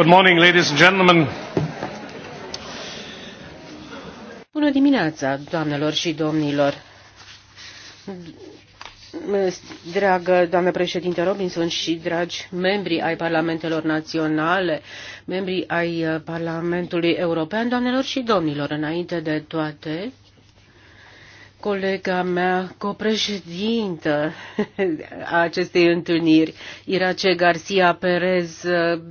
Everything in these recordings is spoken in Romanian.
Good morning, ladies and gentlemen. Bună dimineața, doamnelor și domnilor. Dragă doamnă președinte Robinson și dragi membri ai Parlamentelor Naționale, membri ai Parlamentului European, doamnelor și domnilor, înainte de toate, colega mea, copreședintă a acestei întâlniri, Irace Garcia Perez,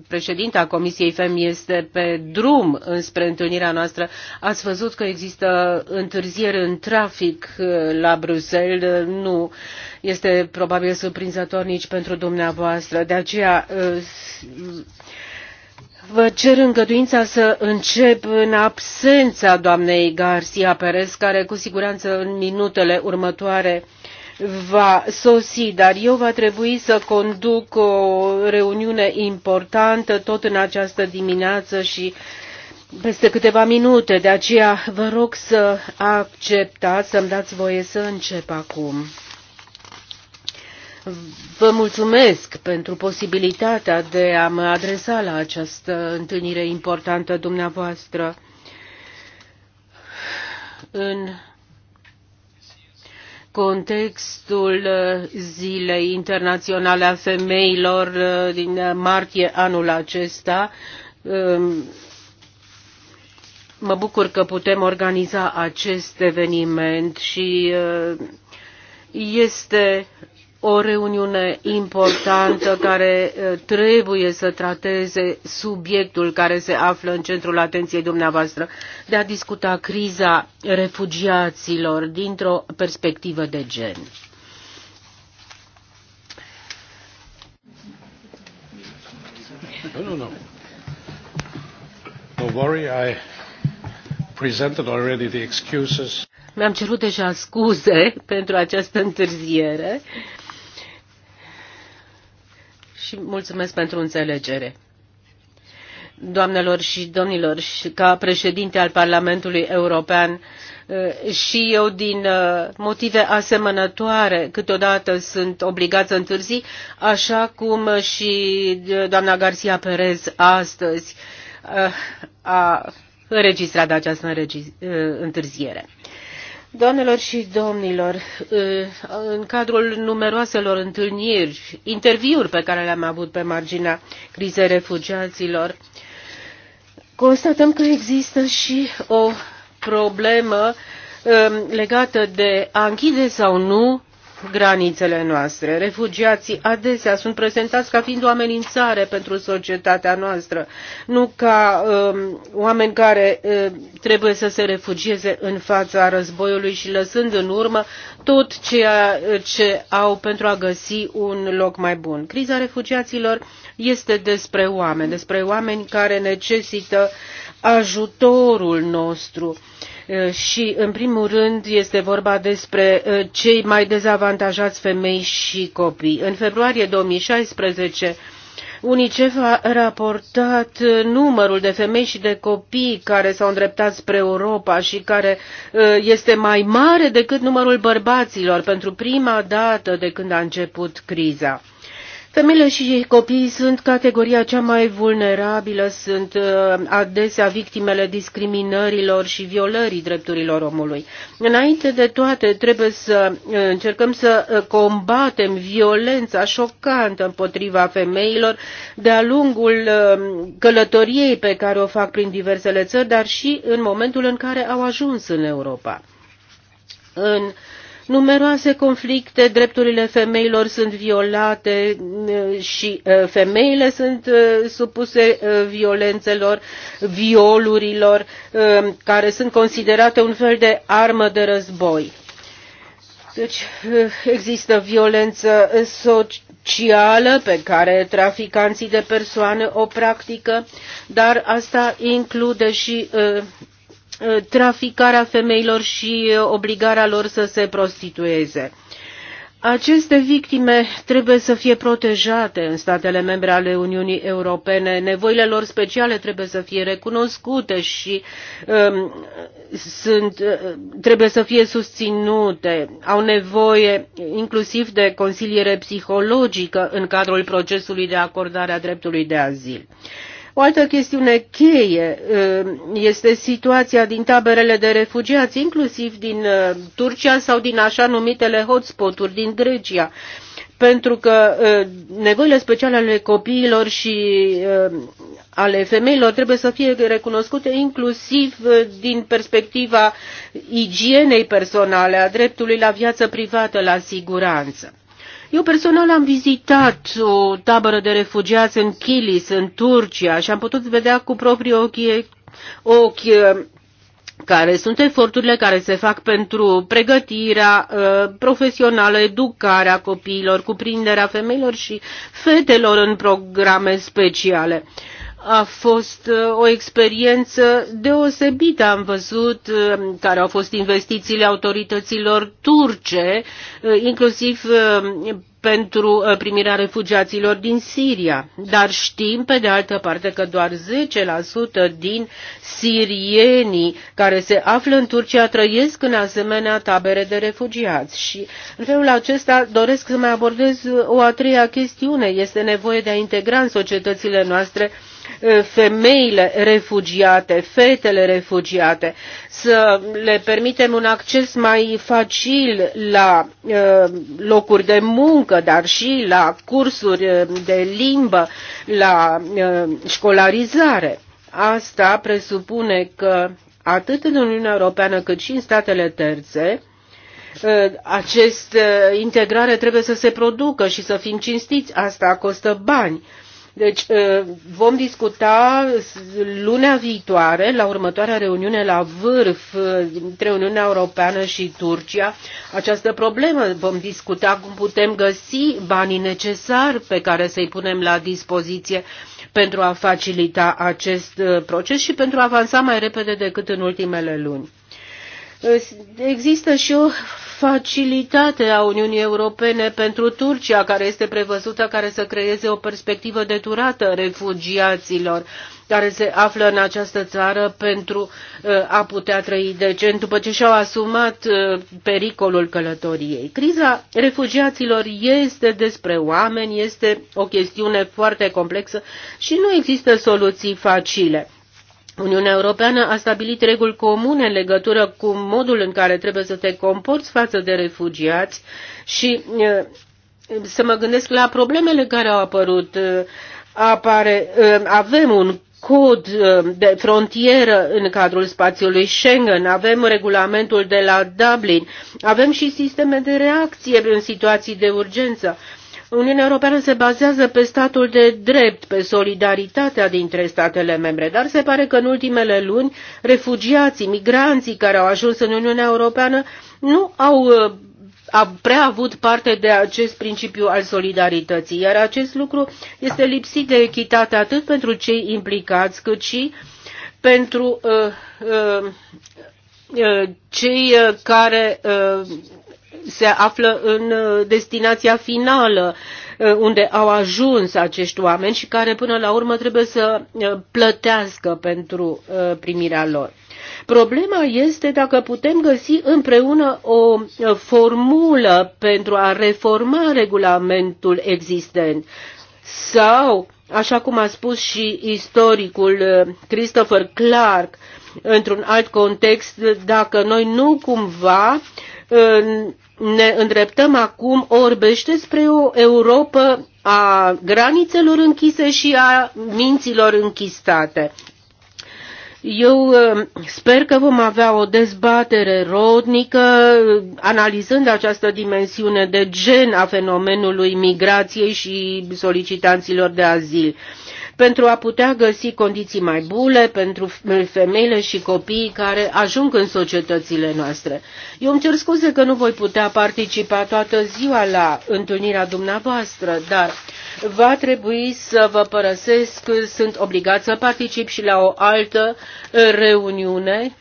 președinta Comisiei FEM, este pe drum înspre întâlnirea noastră. Ați văzut că există întârzieri în trafic la Bruxelles. Nu este probabil surprinzător nici pentru dumneavoastră. De aceea Vă cer îngăduința să încep în absența doamnei Garcia Perez, care cu siguranță în minutele următoare va sosi, dar eu va trebui să conduc o reuniune importantă tot în această dimineață și peste câteva minute, de aceea vă rog să acceptați, să-mi dați voie să încep acum. Vă mulțumesc pentru posibilitatea de a mă adresa la această întâlnire importantă dumneavoastră. În contextul Zilei Internaționale a Femeilor din martie anul acesta, um, mă bucur că putem organiza acest eveniment și uh, este o reuniune importantă care trebuie să trateze subiectul care se află în centrul atenției dumneavoastră, de a discuta criza refugiaților dintr-o perspectivă de gen. nu. Nu nu. Don't worry, I presented already the excuses. Mi-am cerut deja scuze pentru această întârziere. Uh, și mulțumesc pentru înțelegere. Doamnelor și domnilor, ca președinte al Parlamentului European, eh, și eu din eh, motive asemănătoare câteodată sunt obligat să întârzi, așa cum și eh, doamna Garcia Perez astăzi a înregistrat această întârziere. Doamnelor și domnilor, ă, în cadrul numeroaselor întâlniri, interviuri pe care le-am avut pe marginea crizei refugiaților, constatăm că există și o problemă ă, legată de a închide sau nu granițele noastre. Refugiații adesea sunt prezentați ca fiind o amenințare pentru societatea noastră, nu ca um, oameni care um, trebuie să se refugieze în fața războiului și lăsând în urmă tot ceea ce au pentru a găsi un loc mai bun. Criza refugiaților este despre oameni, despre oameni care necesită ajutorul nostru. Uh, Uh, și în primul rând este vorba despre uh, cei mai dezavantajați femei și copii. În februarie 2016 UNICEF a raportat uh, numărul de femei și de copii care s-au îndreptat spre Europa și care este mai mare decât numărul bărbaților pentru prima dată de când a început criza. Femeile și copiii sunt categoria cea mai vulnerabilă, sunt uh, adesea victimele discriminărilor și violării drepturilor omului. Înainte de toate, trebuie să uh, încercăm să uh, combatem violența șocantă împotriva femeilor de-a lungul călătoriei pe care o fac prin diversele țări, dar și în momentul în care au ajuns în Europa. În numeroase conflicte, drepturile femeilor sunt violate eh, și eh, femeile sunt eh, supuse violențelor, violurilor, care sunt considerate un fel de armă de război. Deci există violență socială pe care traficanții de persoane o practică, dar asta include și traficarea femeilor și obligarea lor să se prostitueze. Aceste victime trebuie să fie protejate în statele membre ale Uniunii Europene. Nevoile lor speciale trebuie să fie recunoscute și um, sunt, uh, trebuie să fie susținute. Au nevoie inclusiv de consiliere psihologică în cadrul procesului de acordare a dreptului de azil. Uh, o altă chestiune cheie uh, este situația din taberele de refugiați, inclusiv din uh, Turcia sau din așa numitele hotspoturi din Grecia, pentru că uh, nevoile speciale ale copiilor și ale femeilor trebuie să fie recunoscute inclusiv din perspectiva igienei personale, a dreptului la viață privată, la siguranță. Eu personal am vizitat o tabără de refugiați în Kilis, în Turcia, și am putut vedea cu proprii ochi, ochi uh, care sunt eforturile care se fac pentru pregătirea uh, profesională, educarea copiilor, cuprinderea femeilor și fetelor în programe speciale. Uh, a fost uh, o experiență deosebită. Am văzut uh, care au fost investițiile autorităților turce, uh, inclusiv pentru primirea refugiaților din Siria. Dar știm, pe de altă parte, că doar 10% din sirienii care se află în Turcia trăiesc în asemenea tabere de refugiați. Și în felul acesta doresc să mai abordez o a treia chestiune. Este nevoie de a integra în societățile noastre uh, femeile refugiate, fetele refugiate, să le permitem un acces mai facil la locuri de muncă, dar și la cursuri de limbă, la școlarizare. Asta presupune că atât în Uniunea Europeană cât și în statele terțe, această integrare trebuie să se producă și să fim cinstiți, asta costă bani. Deci uh, vom discuta lunea viitoare, la următoarea reuniune la vârf între uh, Uniunea Europeană și Turcia, această problemă. Vom discuta cum putem găsi banii necesari pe care să-i punem la dispoziție pentru a facilita acest uh, proces și pentru a avansa mai repede decât în ultimele luni. Există și o facilitate a Uniunii Europene pentru Turcia, care este prevăzută care să creeze o perspectivă de durată refugiaților care se află în această țară pentru uh, a putea trăi decent după ce și-au asumat uh, pericolul călătoriei. Criza refugiaților este despre oameni, este o chestiune foarte complexă și nu există soluții facile. Uniunea Europeană a stabilit reguli comune în legătură cu modul în care trebuie să te comporți față de refugiați și să mă gândesc la problemele care au apărut. Apare, avem un cod de frontieră în cadrul spațiului Schengen, avem regulamentul de la Dublin, avem și sisteme de reacție în situații de urgență. Uniunea Europeană se bazează pe statul de drept, pe solidaritatea dintre statele membre, dar se pare că în ultimele luni refugiații, migranții care au ajuns în Uniunea Europeană nu au uh, a prea avut parte de acest principiu al solidarității, iar acest lucru este lipsit de echitate atât pentru cei implicați, cât și pentru uh, uh, uh, cei uh, care uh, se află în uh, destinația finală uh, unde au ajuns acești oameni și care până la urmă trebuie să uh, plătească pentru primirea lor. Problema este dacă putem găsi împreună o formulă pentru a reforma regulamentul existent sau, așa cum a spus și istoricul Christopher Clark, într-un alt context, dacă noi nu cumva ne îndreptăm acum orbește spre o Europa a granițelor închise și a minților închistate. Eu ă, sper că vom avea o dezbatere rodnică analizând această dimensiune de gen a fenomenului migrației și solicitanților de azil pentru a putea găsi condiții mai bune pentru femeile și copiii care ajung în societățile noastre. Eu îmi cer scuze că nu voi putea participa toată ziua la întâlnirea dumneavoastră, dar va trebui să vă părăsesc, sunt obligat să particip și la o altă reuniune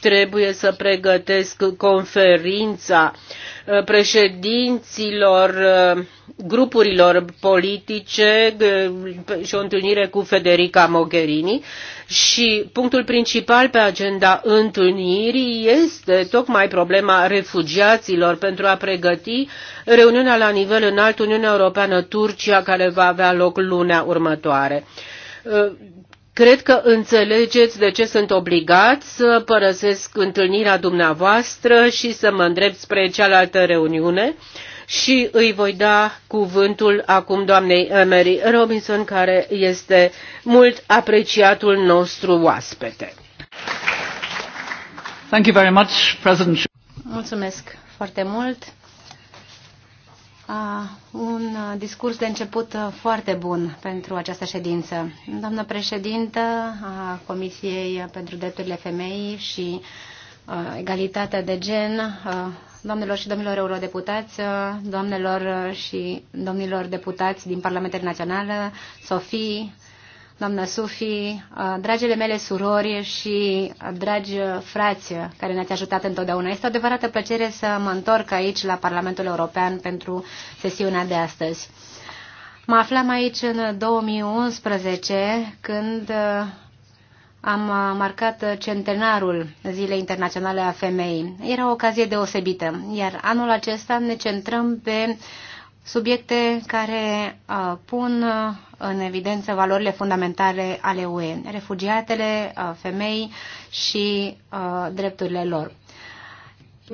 trebuie să pregătesc conferința uh, președinților uh, grupurilor politice uh, și o întâlnire cu Federica Mogherini și punctul principal pe agenda întâlnirii este tocmai problema refugiaților pentru a pregăti reuniunea la nivel înalt Uniunea Europeană-Turcia care va avea loc lunea următoare Cred că înțelegeți de ce sunt obligat să părăsesc întâlnirea dumneavoastră și să mă îndrept spre cealaltă reuniune și îi voi da cuvântul acum doamnei Emery Robinson, care este mult apreciatul nostru oaspete. Thank you very much, President. Mulțumesc foarte mult, un discurs de început foarte bun pentru această ședință. Doamnă președintă a Comisiei pentru Drepturile Femeii și Egalitatea de Gen, doamnelor și domnilor eurodeputați, doamnelor și domnilor deputați din Parlamentele Naționale, Sofie, doamna Sufi, dragile mele surori și dragi frați care ne-ați ajutat întotdeauna. Este o adevărată plăcere să mă întorc aici la Parlamentul European pentru sesiunea de astăzi. Mă aflam aici în 2011 când am marcat centenarul Zilei Internaționale a Femeii. Era o ocazie deosebită, iar anul acesta ne centrăm pe uh, subiecte care uh, pun uh, în evidență valorile fundamentale ale UE, refugiatele, uh, femei și uh, drepturile lor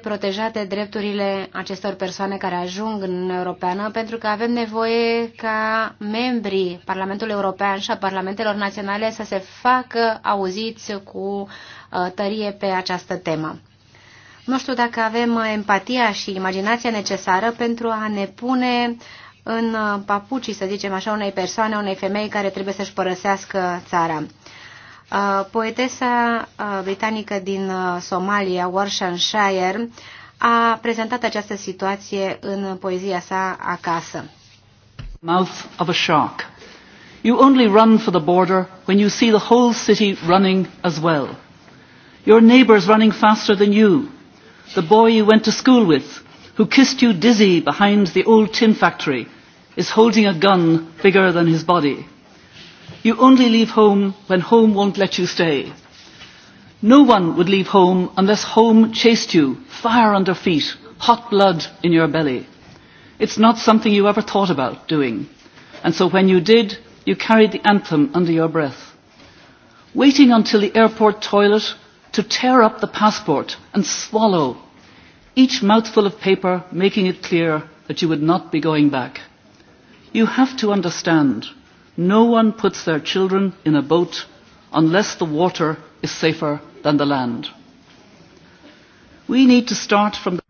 protejate drepturile acestor persoane care ajung în Uniunea Europeană, pentru că avem nevoie ca membrii Parlamentului European și a Parlamentelor Naționale să se facă auziți cu uh, tărie pe această temă. Nu știu dacă avem empatia și imaginația necesară pentru a ne pune în papucii, să zicem așa, unei persoane, unei femei care trebuie să-și părăsească țara. Uh, poetesa uh, britanică din uh, Somalia, Shire, a prezentat această situație în poezia sa acasă. Mouth of a shark. You only run for the border when you see the whole city running as well. Your neighbours running faster than you, the boy you went to school with, who kissed you dizzy behind the old tin factory, is holding a gun bigger than his body. You only leave home when home won't let you stay. No one would leave home unless home chased you, fire under feet, hot blood in your belly. It's not something you ever thought about doing. And so when you did, you carried the anthem under your breath. Waiting until the airport toilet to tear up the passport and swallow each mouthful of paper, making it clear that you would not be going back. You have to understand, no one puts their children in a boat unless the water is safer than the land. We need to start from the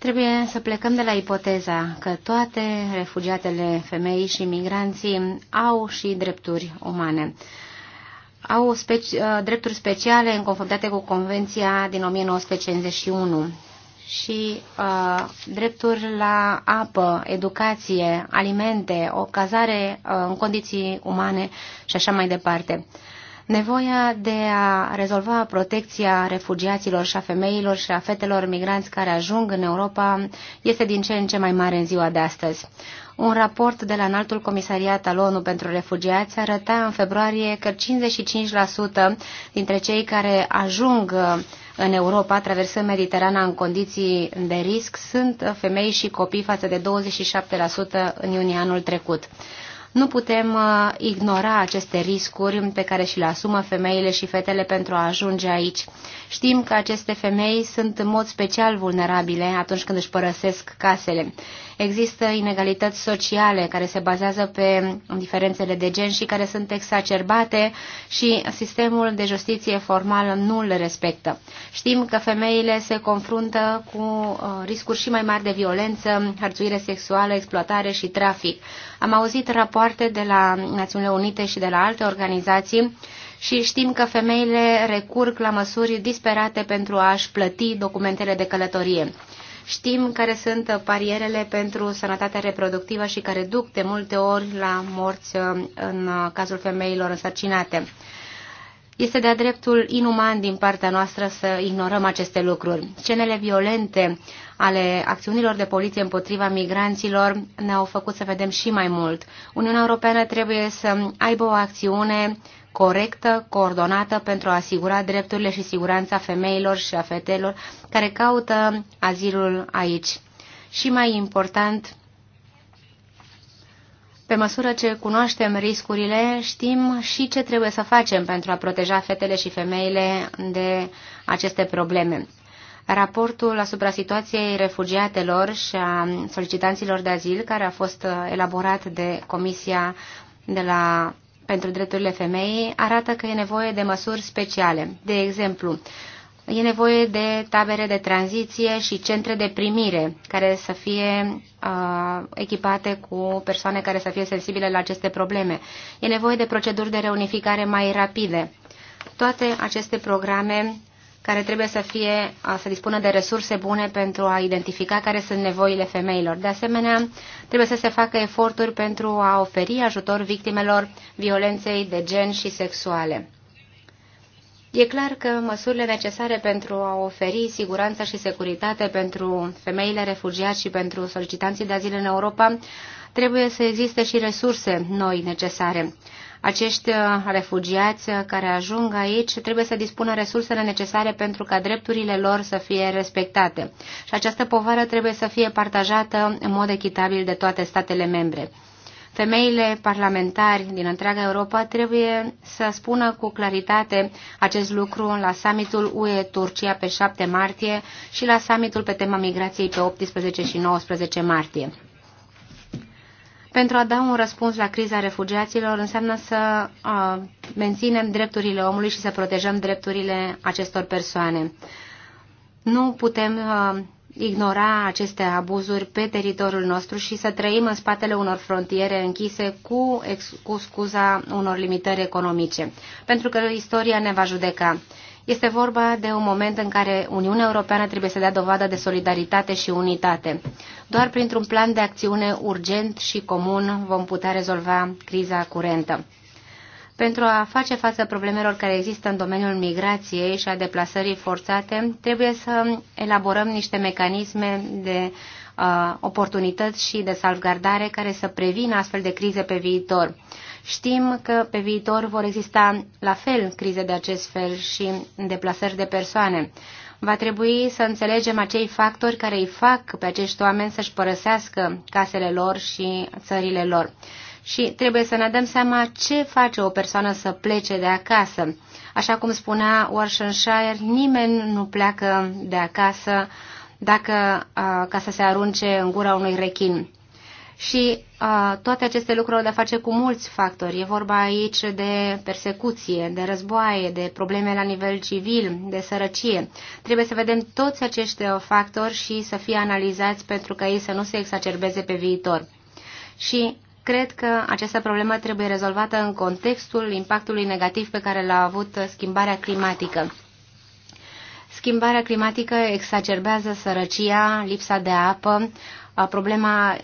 Trebuie să plecăm de la ipoteza că toate refugiatele, femei și migranții au și drepturi umane au speci uh, drepturi speciale în conformitate cu Convenția din 1951 și uh, drepturi la apă, educație, alimente, o cazare uh, în condiții umane și așa mai departe. Uh, Nevoia de a rezolva protecția refugiaților și a femeilor și a fetelor migranți care ajung în Europa este din ce în ce mai mare în ziua de astăzi. Un raport de la Înaltul Comisariat al ONU pentru Refugiați arăta în februarie că 55% dintre cei care ajung în Europa, traversând Mediterana în condiții de risc, sunt femei și copii față de 27% în iunie anul trecut. Nu putem uh, ignora aceste riscuri pe care și le asumă femeile și fetele pentru a ajunge aici. Știm că aceste femei sunt în mod special vulnerabile atunci când își părăsesc casele. Există inegalități sociale care se bazează pe diferențele de gen și care sunt exacerbate și sistemul de justiție formală nu le respectă. Știm că femeile se confruntă cu uh, riscuri și mai mari de violență, hărțuire sexuală, exploatare și trafic. Am auzit rapoarte rapoarte de la Națiunile Unite și de la alte organizații și știm că femeile recurg la măsuri disperate pentru a-și plăti documentele de călătorie. Știm care sunt parierele pentru sănătatea reproductivă și care duc de multe ori la morți uh, în cazul femeilor însărcinate. Este de-a dreptul inuman din partea noastră să ignorăm aceste lucruri. Scenele violente ale acțiunilor de poliție împotriva migranților ne-au făcut să vedem și mai mult. Uniunea Europeană trebuie să aibă o acțiune corectă, coordonată pentru a asigura drepturile și siguranța femeilor și a fetelor care caută azilul aici. Și mai important, pe măsură ce cunoaștem riscurile, știm și ce trebuie să facem pentru a proteja fetele și femeile de aceste probleme raportul asupra situației refugiatelor și a solicitanților de azil, care a fost uh, elaborat de Comisia de la, pentru Drepturile Femeii, arată că e nevoie de măsuri speciale. De exemplu, e nevoie de tabere de tranziție și centre de primire care să fie uh, echipate cu persoane care să fie sensibile la aceste probleme. E nevoie de proceduri de reunificare mai rapide. Toate aceste programe care trebuie să fie, să dispună de resurse bune pentru a identifica care sunt nevoile femeilor. De asemenea, trebuie să se facă eforturi pentru a oferi ajutor victimelor violenței de gen și sexuale. E clar că măsurile necesare pentru a oferi siguranță și securitate pentru femeile refugiați și pentru solicitanții de azil în Europa trebuie să existe și resurse noi necesare. Acești uh, refugiați uh, care ajung aici trebuie să dispună resursele necesare pentru ca drepturile lor să fie respectate. Și această povară trebuie să fie partajată în mod echitabil de toate statele membre. Femeile parlamentari din întreaga Europa trebuie să spună cu claritate acest lucru la summitul UE-Turcia pe 7 martie și la summitul pe tema migrației pe 18 și 19 martie. Pentru a da un răspuns la criza refugiaților înseamnă să uh, menținem drepturile omului și să protejăm drepturile acestor persoane. Nu putem uh, ignora aceste abuzuri pe teritoriul nostru și să trăim în spatele unor frontiere închise cu, ex, cu scuza unor limitări economice, pentru că istoria ne va judeca. Este vorba de un moment în care Uniunea Europeană trebuie să dea dovadă de solidaritate și unitate. Doar printr-un plan de acțiune urgent și comun vom putea rezolva criza curentă. Pentru a face față problemelor care există în domeniul migrației și a deplasării forțate, trebuie să elaborăm niște mecanisme de uh, oportunități și de salvgardare care să prevină astfel de crize pe viitor. Știm că pe viitor vor exista la fel crize de acest fel și deplasări de persoane. Va trebui să înțelegem acei factori care îi fac pe acești oameni să-și părăsească casele lor și țările lor. Și trebuie să ne dăm seama ce face o persoană să plece de acasă. Așa cum spunea Warshenshire, nimeni nu pleacă de acasă dacă, ca să se arunce în gura unui rechin. Și uh, toate aceste lucruri au de face cu mulți factori. E vorba aici de persecuție, de războaie, de probleme la nivel civil, de sărăcie. Trebuie să vedem toți acești factori și să fie analizați pentru ca ei să nu se exacerbeze pe viitor. Și cred că această problemă trebuie rezolvată în contextul impactului negativ pe care l-a avut schimbarea climatică. Schimbarea climatică exacerbează sărăcia, lipsa de apă, problema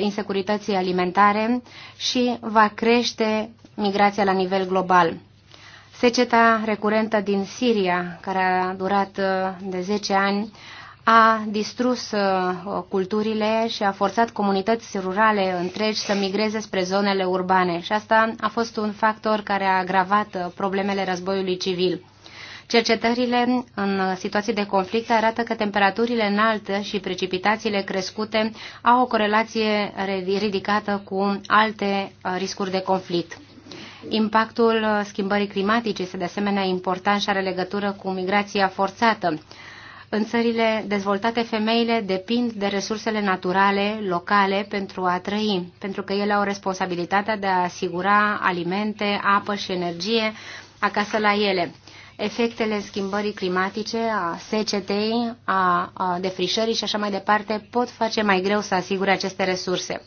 insecurității alimentare și va crește migrația la nivel global. Seceta recurentă din Siria, care a durat de 10 ani, a distrus culturile și a forțat comunități rurale întregi să migreze spre zonele urbane și asta a fost un factor care a agravat problemele războiului civil. Cercetările în situații de conflict arată că temperaturile înalte și precipitațiile crescute au o corelație ridicată cu alte uh, riscuri de conflict. Impactul uh, schimbării climatice este de asemenea important și are legătură cu migrația forțată. În țările dezvoltate, femeile depind de resursele naturale, locale, pentru a trăi, pentru că ele au responsabilitatea de a asigura alimente, apă și energie acasă la ele efectele schimbării climatice, a secetei, a, a defrișării și așa mai departe pot face mai greu să asigure aceste resurse.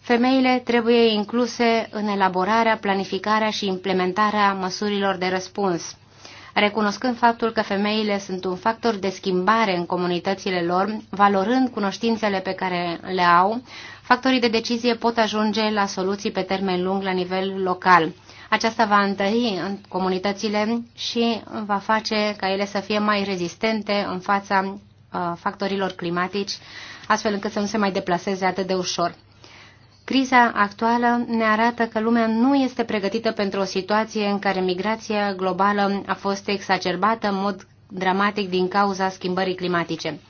Femeile trebuie incluse în elaborarea, planificarea și implementarea măsurilor de răspuns, recunoscând faptul că femeile sunt un factor de schimbare în comunitățile lor, valorând cunoștințele pe care le au, factorii de decizie pot ajunge la soluții pe termen lung la nivel local. Aceasta va întări în comunitățile și va face ca ele să fie mai rezistente în fața uh, factorilor climatici, astfel încât să nu se mai deplaseze atât de ușor. Criza actuală ne arată că lumea nu este pregătită pentru o situație în care migrația globală a fost exacerbată în mod dramatic din cauza schimbării climatice.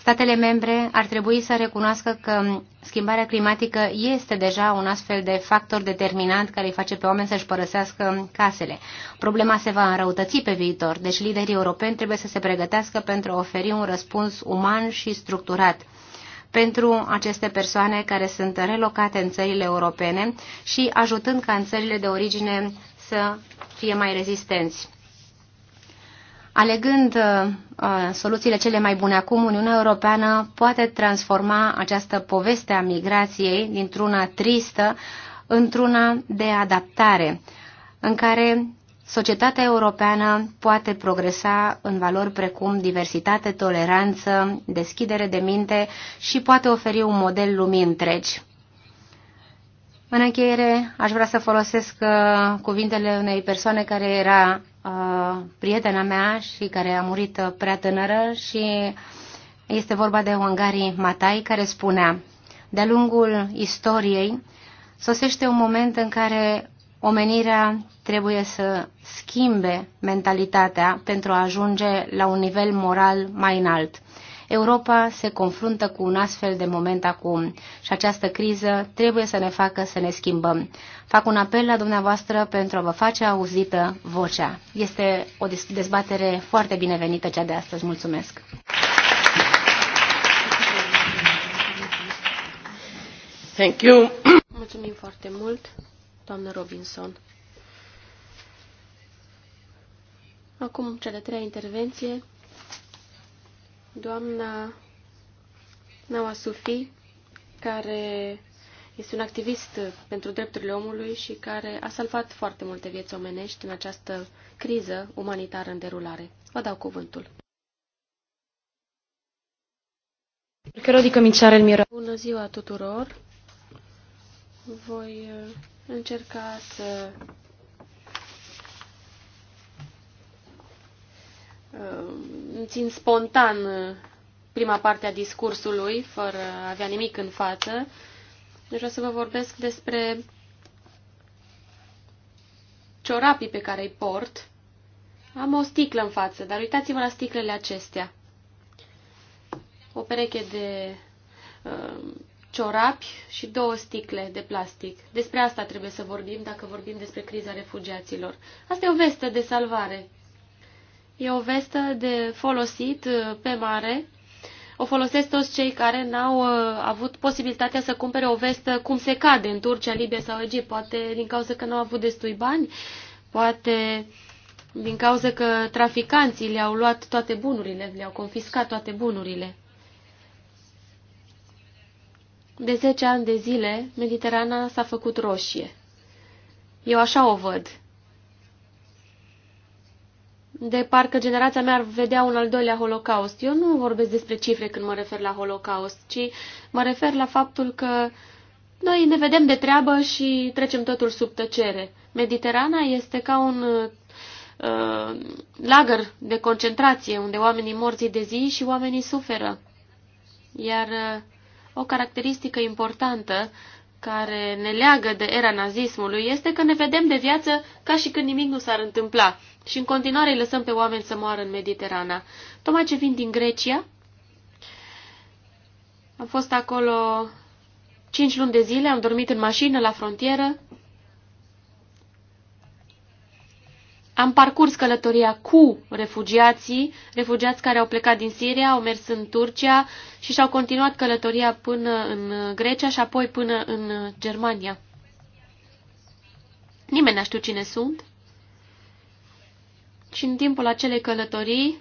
Statele membre ar trebui să recunoască că schimbarea climatică este deja un astfel de factor determinant care îi face pe oameni să-și părăsească casele. Problema se va înrăutăți pe viitor, deci liderii europeni trebuie să se pregătească pentru a oferi un răspuns uman și structurat pentru aceste persoane care sunt relocate în țările europene și ajutând ca în țările de origine să fie mai rezistenți. Alegând uh, uh, soluțiile cele mai bune acum, Uniunea Europeană poate transforma această poveste a migrației dintr-una tristă într-una de adaptare, în care societatea europeană poate progresa în valori precum diversitate, toleranță, deschidere de minte și poate oferi un model lumii întregi. În încheiere, aș vrea să folosesc uh, cuvintele unei persoane care era prietena mea și care a murit uh, prea tânără și este vorba de Wangari Matai care spunea De-a lungul istoriei sosește un moment în care omenirea trebuie să schimbe mentalitatea pentru a ajunge la un nivel moral mai înalt. Europa se confruntă cu un astfel de moment acum și această criză trebuie să ne facă să ne schimbăm. Fac un apel la dumneavoastră pentru a vă face auzită vocea. Este o dezbatere foarte binevenită cea de astăzi. Mulțumesc! Thank you. Mulțumim foarte mult, doamnă Robinson. Acum, cea de treia intervenție doamna Nawa Sufi, care este un activist pentru drepturile omului și care a salvat foarte multe vieți omenești în această criză umanitară în derulare. Vă dau cuvântul. Bună ziua tuturor! Voi uh, încerca să Uh, țin spontan uh, prima parte a discursului, fără a avea nimic în față. Deci vreau să vă vorbesc despre ciorapii pe care îi port. Am o sticlă în față, dar uitați-vă la sticlele acestea. O pereche de uh, ciorapi și două sticle de plastic. Despre asta trebuie să vorbim dacă vorbim despre criza refugiaților. Asta e o vestă de salvare. E o vestă de folosit uh, pe mare. O folosesc toți cei care n-au uh, avut posibilitatea să cumpere o vestă cum se cade în Turcia, Libia sau Egipt. Poate din cauza că n au avut destui bani, poate din cauza că traficanții le-au luat toate bunurile, le-au confiscat toate bunurile. De 10 ani de zile, Mediterana s-a făcut roșie. Eu așa o văd de parcă generația mea ar vedea un al doilea holocaust. Eu nu vorbesc despre cifre când mă refer la holocaust, ci mă refer la faptul că noi ne vedem de treabă și trecem totul sub tăcere. Mediterana este ca un uh, lagăr de concentrație unde oamenii mor zi de zi și oamenii suferă. Iar uh, o caracteristică importantă care ne leagă de era nazismului este că ne vedem de viață ca și când nimic nu s-ar întâmpla și în continuare îi lăsăm pe oameni să moară în Mediterana. Tocmai ce vin din Grecia, am fost acolo cinci luni de zile, am dormit în mașină la frontieră, Am parcurs călătoria cu refugiații, refugiați care au plecat din Siria, au mers în Turcia și și-au continuat călătoria până în Grecia și apoi până în Germania. Nimeni nu știu cine sunt. Și în timpul acelei călătorii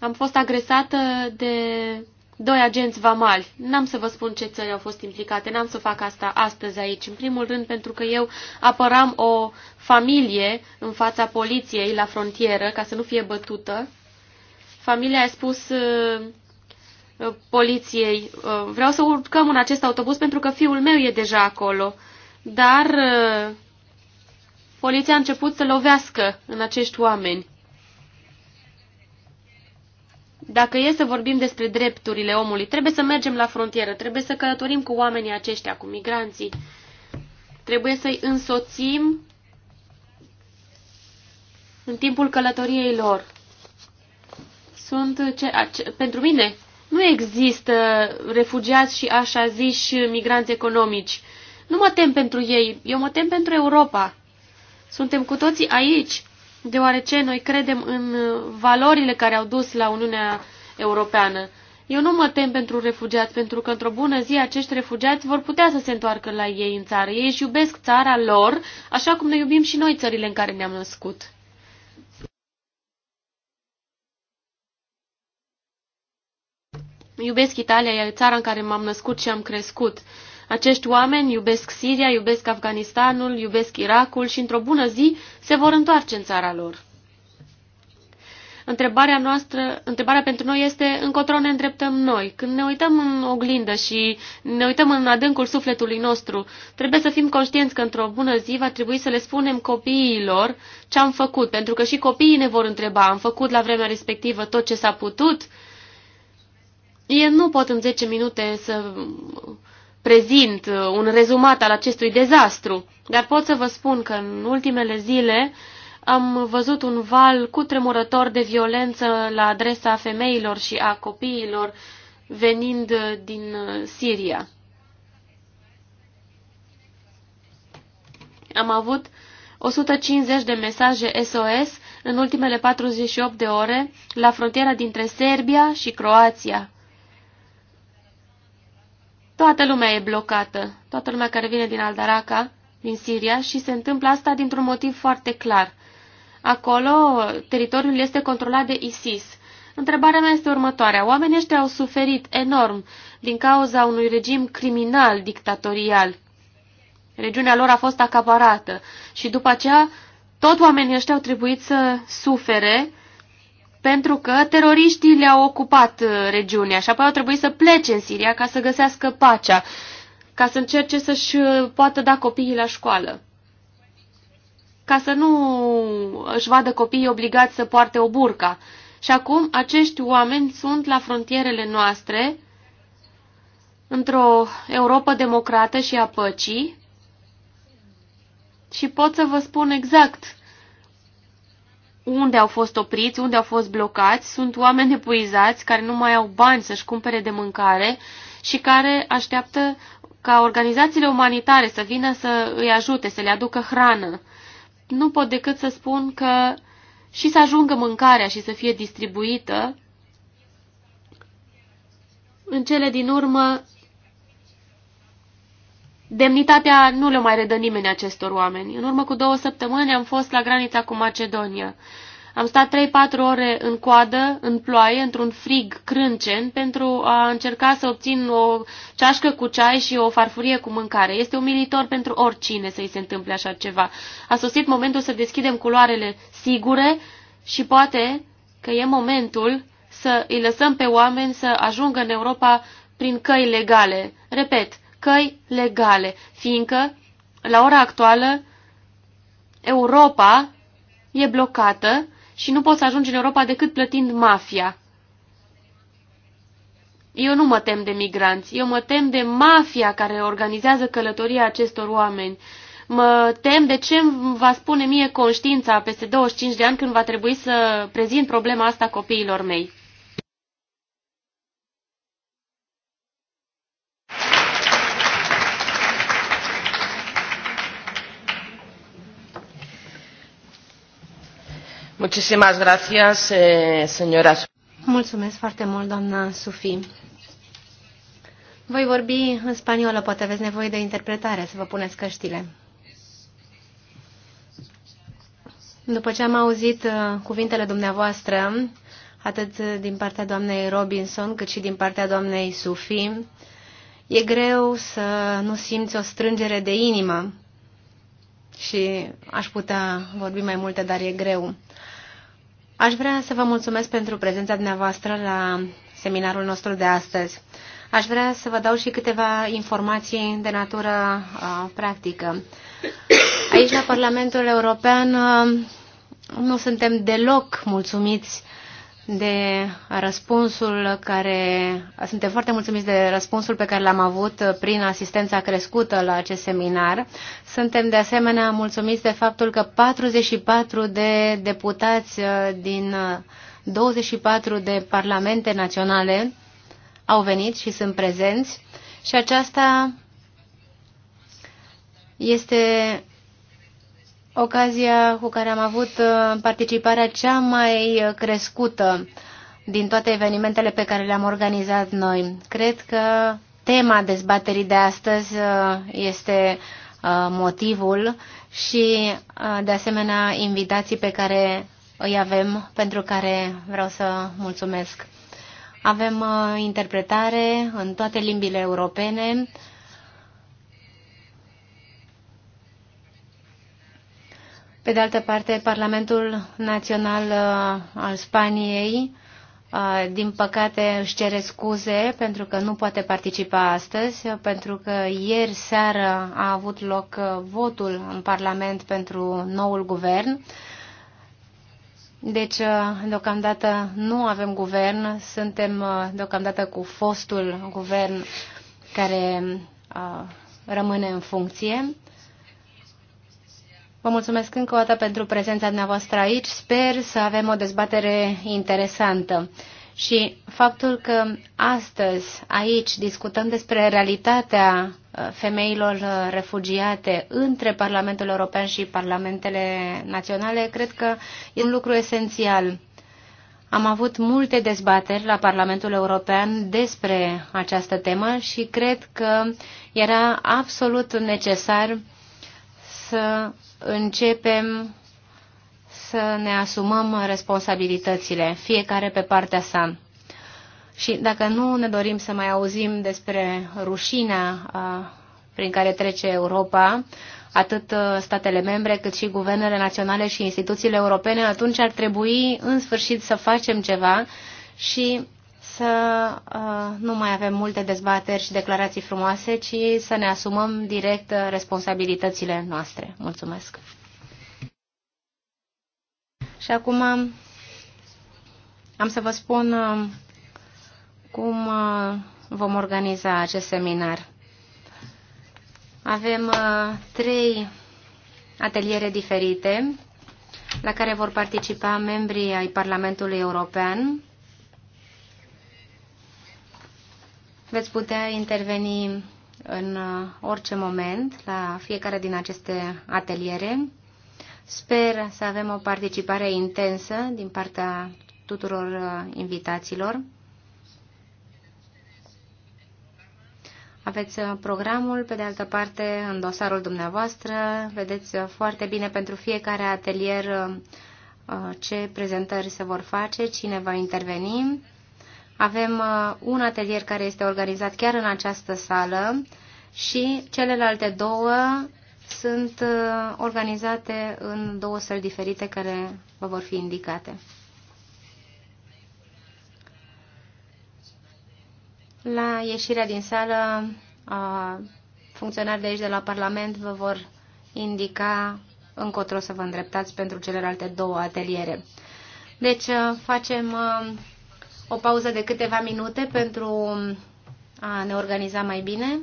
am fost agresată de doi agenți vamali. N-am să vă spun ce țări au fost implicate, n-am să fac asta astăzi aici. În primul rând pentru că eu apăram o familie în fața poliției la frontieră ca să nu fie bătută. Familia a spus uh, uh, poliției, uh, vreau să urcăm în acest autobuz pentru că fiul meu e deja acolo. Dar uh, poliția a început să lovească în acești oameni. Dacă e să vorbim despre drepturile omului, trebuie să mergem la frontieră, trebuie să călătorim cu oamenii aceștia, cu migranții. Trebuie să-i însoțim în timpul călătoriei lor. Sunt ce, ce, pentru mine nu există refugiați și așa ziși migranți economici. Nu mă tem pentru ei, eu mă tem pentru Europa. Suntem cu toții aici deoarece noi credem în uh, valorile care au dus la Uniunea Europeană. Eu nu mă tem pentru refugiați, pentru că într-o bună zi acești refugiați vor putea să se întoarcă la ei în țară. Ei își iubesc țara lor, așa cum ne iubim și noi țările în care ne-am născut. Iubesc Italia, e țara în care m-am născut și am crescut. Acești oameni iubesc Siria, iubesc Afganistanul, iubesc Irakul și într-o bună zi se vor întoarce în țara lor. Întrebarea, noastră, întrebarea pentru noi este încotro ne îndreptăm noi. Când ne uităm în oglindă și ne uităm în adâncul sufletului nostru, trebuie să fim conștienți că într-o bună zi va trebui să le spunem copiilor ce am făcut, pentru că și copiii ne vor întreba, am făcut la vremea respectivă tot ce s-a putut? Eu nu pot în 10 minute să prezint uh, un rezumat al acestui dezastru, dar pot să vă spun că în ultimele zile am văzut un val cutremurător de violență la adresa femeilor și a copiilor venind uh, din uh, Siria. Am avut 150 de mesaje SOS în ultimele 48 de ore la frontiera dintre Serbia și Croația. Toată lumea e blocată, toată lumea care vine din Aldaraca, din Siria, și se întâmplă asta dintr-un motiv foarte clar. Acolo teritoriul este controlat de ISIS. Întrebarea mea este următoarea. Oamenii ăștia au suferit enorm din cauza unui regim criminal dictatorial. Regiunea lor a fost acaparată și după aceea tot oamenii ăștia au trebuit să sufere pentru că teroriștii le-au ocupat uh, regiunea și apoi au trebuit să plece în Siria ca să găsească pacea, ca să încerce să-și uh, poată da copiii la școală, ca să nu își vadă copiii obligați să poarte o burca. Și acum acești oameni sunt la frontierele noastre, într-o Europa democrată și a păcii, și pot să vă spun exact unde au fost opriți, unde au fost blocați. Sunt oameni epuizați care nu mai au bani să-și cumpere de mâncare și care așteaptă ca organizațiile umanitare să vină să îi ajute, să le aducă hrană. Nu pot decât să spun că și să ajungă mâncarea și să fie distribuită, în cele din urmă Demnitatea nu le mai redă nimeni acestor oameni. În urmă cu două săptămâni am fost la granița cu Macedonia. Am stat 3-4 ore în coadă, în ploaie, într-un frig crâncen, pentru a încerca să obțin o ceașcă cu ceai și o farfurie cu mâncare. Este umilitor pentru oricine să-i se întâmple așa ceva. A sosit momentul să deschidem culoarele sigure și poate că e momentul să îi lăsăm pe oameni să ajungă în Europa prin căi legale. Repet, căi legale, fiindcă, la ora actuală, Europa e blocată și nu poți ajunge în Europa decât plătind mafia. Eu nu mă tem de migranți, eu mă tem de mafia care organizează călătoria acestor oameni. Mă tem de ce va spune mie conștiința peste 25 de ani când va trebui să prezint problema asta copiilor mei. Muchísimas gracias, eh, señora. Mulțumesc foarte mult, doamna Sufi. Voi vorbi în spaniolă, poate aveți nevoie de interpretare, să vă puneți căștile. După ce am auzit uh, cuvintele dumneavoastră, atât din partea doamnei Robinson, cât și din partea doamnei Sufi, e greu să nu simți o strângere de inimă. Și aș putea vorbi mai multe, dar e greu. Aș vrea să vă mulțumesc pentru prezența dumneavoastră la seminarul nostru de astăzi. Aș vrea să vă dau și câteva informații de natură uh, practică. Aici, la Parlamentul European, uh, nu suntem deloc mulțumiți de răspunsul care... Suntem foarte mulțumiți de răspunsul pe care l-am avut prin asistența crescută la acest seminar. Suntem de asemenea mulțumiți de faptul că 44 de deputați uh, din 24 uh, de parlamente naționale au venit și sunt prezenți și aceasta este ocazia cu care am avut uh, participarea cea mai uh, crescută din toate evenimentele pe care le-am organizat noi. Cred că tema dezbaterii de astăzi uh, este motivul și, de asemenea, invitații pe care îi avem, pentru care vreau să mulțumesc. Avem interpretare în toate limbile europene Pe de altă parte, Parlamentul Național uh, al Spaniei, uh, din păcate, își cere scuze pentru că nu poate participa astăzi, pentru că ieri seară a avut loc uh, votul în Parlament pentru noul guvern. Deci, deocamdată nu avem guvern, suntem deocamdată cu fostul guvern care rămâne în funcție. Vă mulțumesc încă o dată pentru prezența dumneavoastră aici. Sper să avem o dezbatere interesantă. Și faptul că astăzi aici discutăm despre realitatea uh, femeilor uh, refugiate între Parlamentul European și Parlamentele Naționale, cred că e un lucru esențial. Am avut multe dezbateri la Parlamentul European despre această temă și cred că era absolut necesar să începem să ne asumăm responsabilitățile, fiecare pe partea sa. Și dacă nu ne dorim să mai auzim despre rușinea prin care trece Europa, atât statele membre cât și guvernele naționale și instituțiile europene, atunci ar trebui în sfârșit să facem ceva și să uh, nu mai avem multe dezbateri și declarații frumoase, ci să ne asumăm direct uh, responsabilitățile noastre. Mulțumesc! Și acum am să vă spun uh, cum uh, vom organiza acest seminar. Avem uh, trei ateliere diferite la care vor participa membrii ai Parlamentului European Veți putea interveni în uh, orice moment la fiecare din aceste ateliere. Sper să avem o participare intensă din partea tuturor uh, invitaților. Aveți uh, programul, pe de altă parte, în dosarul dumneavoastră. Vedeți foarte bine pentru fiecare atelier ce prezentări se vor face, cine va interveni. Avem uh, un atelier care este organizat chiar în această sală și celelalte două sunt uh, organizate în două săli diferite care vă vor fi indicate. La ieșirea din sală, uh, funcționari de aici de la Parlament vă vor indica încotro să vă îndreptați pentru celelalte două ateliere. Deci facem o pauză de câteva minute pentru a ne organiza mai bine.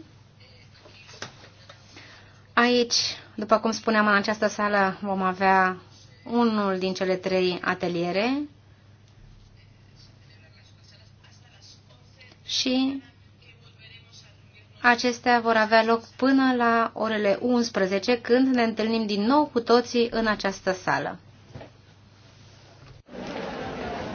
Aici, după cum spuneam, în această sală vom avea unul din cele trei ateliere și acestea vor avea loc până la orele 11, când ne întâlnim din nou cu toții în această sală.